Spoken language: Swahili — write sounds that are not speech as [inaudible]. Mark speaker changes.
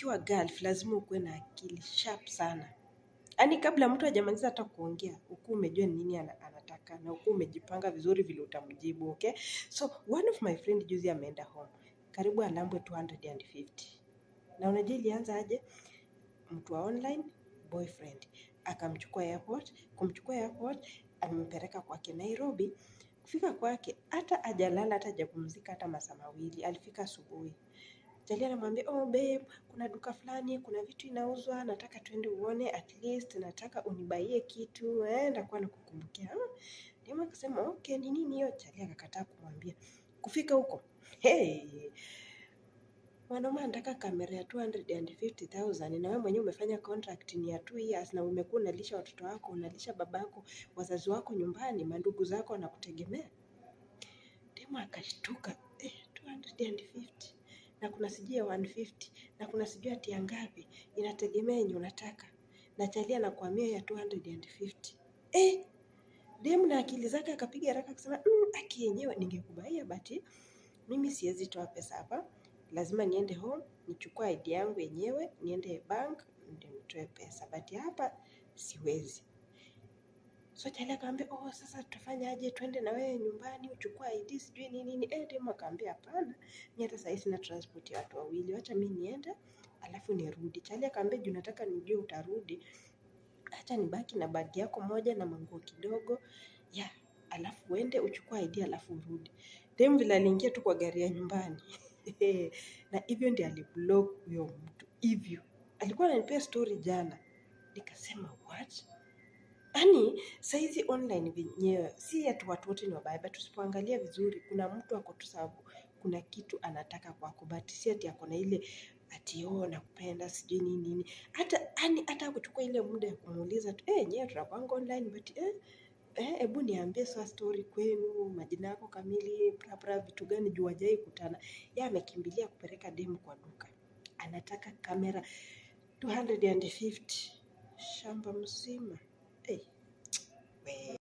Speaker 1: ukiwa gulf lazima ukuwe na akili sharp sana. Yaani kabla mtu hajamaliza hata kuongea, ukuu umejua ni nini anataka na ukuu umejipanga vizuri vile utamjibu, okay? So one of my friend juzi ameenda home. Karibu alambwe 250. Na unajua ilianza aje? Mtu wa online boyfriend akamchukua airport, kumchukua airport amempeleka kwake Nairobi. Kufika kwake hata ajalala hata hajapumzika hata masaa mawili, alifika asubuhi. Jalia anamwambia oh babe, kuna duka fulani, kuna vitu inauzwa, nataka tuende uone, at least nataka unibaie kitu eh, ndakuwa nakukumbukia. Hmm. Neema akasema okay, ni nini hiyo? Jalia akakataa kumwambia. Kufika huko hey, mwanaume anataka kamera ya 250,000 na wewe mwenyewe umefanya contract ni ya 2 years, na umekuwa unalisha watoto wako, unalisha babako, wazazi wako nyumbani, mandugu zako wanakutegemea. Dema akashtuka eh, 250 na kuna sijui ya 150 na kuna sijui ya ngapi, inategemea yenye unataka. Na Chalia ya 250. Eh, demu na akili zake akapiga haraka kusema mm, aki yenyewe ningekubaia bati mimi siwezi toa pesa hapa, lazima niende home nichukue ID yangu yenyewe niende bank ndio nitoe pesa, bati hapa siwezi. So Charlie akaambia oh, sasa tutafanyaje? Twende na wewe nyumbani uchukua ID sijui ni nini. Eh, demu akaambia hapana, mimi hata sasa sina transport ya watu wawili, acha mimi niende alafu nirudi. Chali akaambia juu nataka nijue utarudi, acha nibaki na bagi yako moja na manguo kidogo ya alafu uende uchukua ID alafu urudi. Demu vile aliingia tu kwa gari ya nyumbani [laughs] na hivyo ndio aliblock huyo mtu hivyo. Alikuwa ananipea story jana, nikasema what Yaani saizi online vyenyewe, si ati watu wote ni wabaya, but usipoangalia vizuri, kuna mtu ako tu sababu, kuna kitu anataka kwako, but si ati ako na ile ati ooh nakupenda sijui nini nini. Hata yaani hata hakuchukua ile muda ya kumuuliza tu, eh nyewe tunakuanga online but eh eh hebu niambie sasa story kwenu, majina yako kamili, bla bla vitu gani juu wajai kutana. Yeye amekimbilia kupeleka demu kwa duka. Anataka kamera 250 shamba mzima. 没。